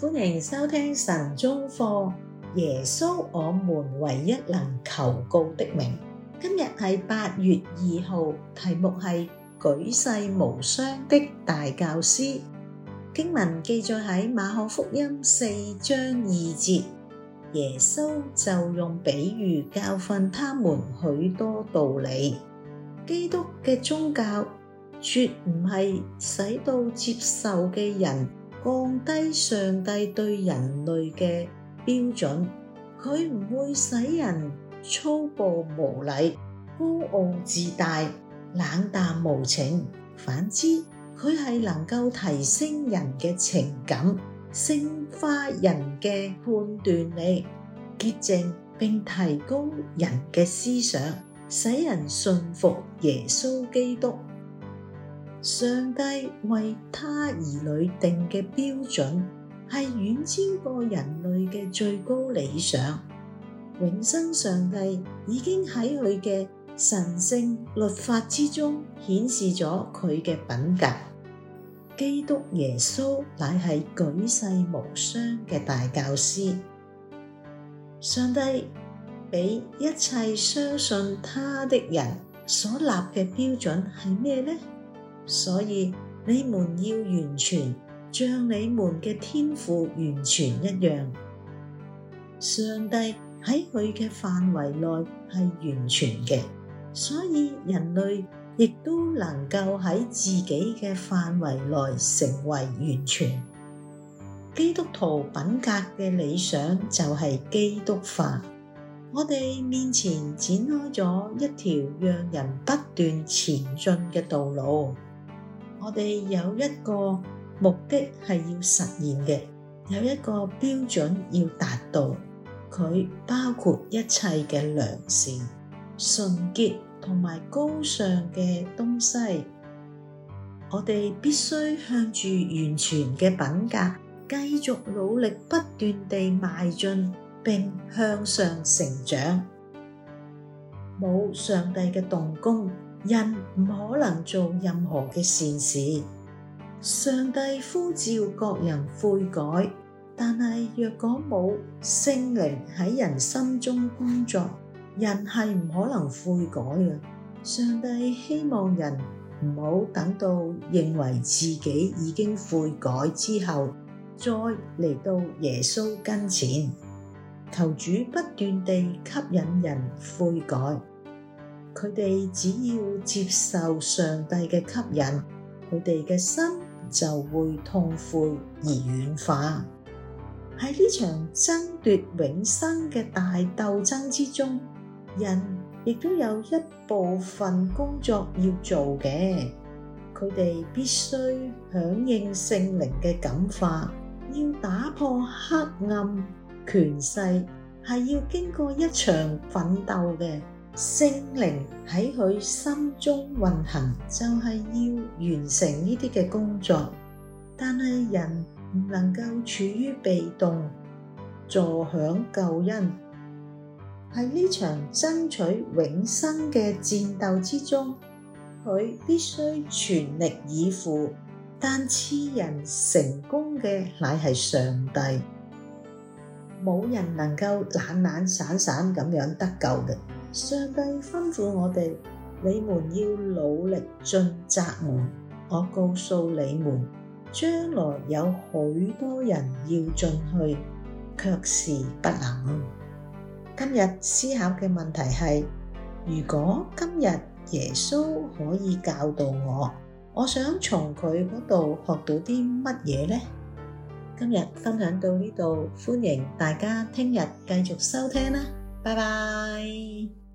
歡迎收聽神中課，耶穌，我們唯一能求告的名。今日係8月二號，題目係舉世無雙的大教師。經文記載喺馬可福音四章二節，耶穌就用比喻教訓他們許多道理。基督嘅宗教絕唔係使到接受嘅人降低上帝對人類嘅標準，佢唔會使人粗暴無禮、高傲自大、冷淡無情。反之，佢係能夠提升人嘅情感、升華人嘅判斷力、潔淨並提高人嘅思想，使人信服耶穌基督。上帝為他兒女定嘅標準係遠超過人類嘅最高理想。永生上帝已經喺佢嘅神聖律法之中顯示咗佢嘅品格。基督耶穌乃係舉世無雙嘅大教師。上帝畀一切相信他的人所立嘅標準係咩呢？所以你們要完全，像你們嘅天父完全一樣。上帝喺佢嘅範圍內係完全嘅，所以人類亦都能夠喺自己嘅範圍內成為完全。基督徒品格嘅理想就係基督化。我哋面前展開咗一條讓人不斷前進嘅道路。我哋有一個目的係要實現嘅，有一個標準要達到，佢包括一切嘅良善、純潔同埋高尚嘅東西。我哋必須向住完全嘅品格繼續努力，不斷地邁進，並向上成長。冇上帝嘅動工。人唔可能做任何嘅善事，上帝呼召各人悔改，但係若果冇聖靈喺人心中工作，人係唔可能悔改嘅。上帝希望人唔好等到認為自己已經悔改之後，再嚟到耶穌跟前，求主不斷地吸引人悔改。佢哋只要接受上帝嘅吸引，佢哋嘅心就會痛悔而軟化。喺呢場爭奪永生嘅大鬥爭之中，人亦都有一部分工作要做嘅。佢哋必須響應聖靈嘅感化，要打破黑暗權勢，係要經過一場奮鬥嘅。聖靈喺佢心中運行，就係要完成呢啲嘅工作。但係人唔能夠處於被動，坐享救恩。喺呢場爭取永生嘅戰鬥之中，佢必須全力以赴。但賜人成功嘅乃係上帝，冇人能夠懶懶散散咁樣得救嘅。上帝吩咐我哋，你們要努力進窄門。我告訴你們，將來有許多人要進去，卻是不能。今日思考嘅問題係：如果今日耶穌可以教導我，我想從佢嗰度學到啲乜嘢咧？今日分享到呢度，歡迎大家聽日繼續收聽啦。拜拜。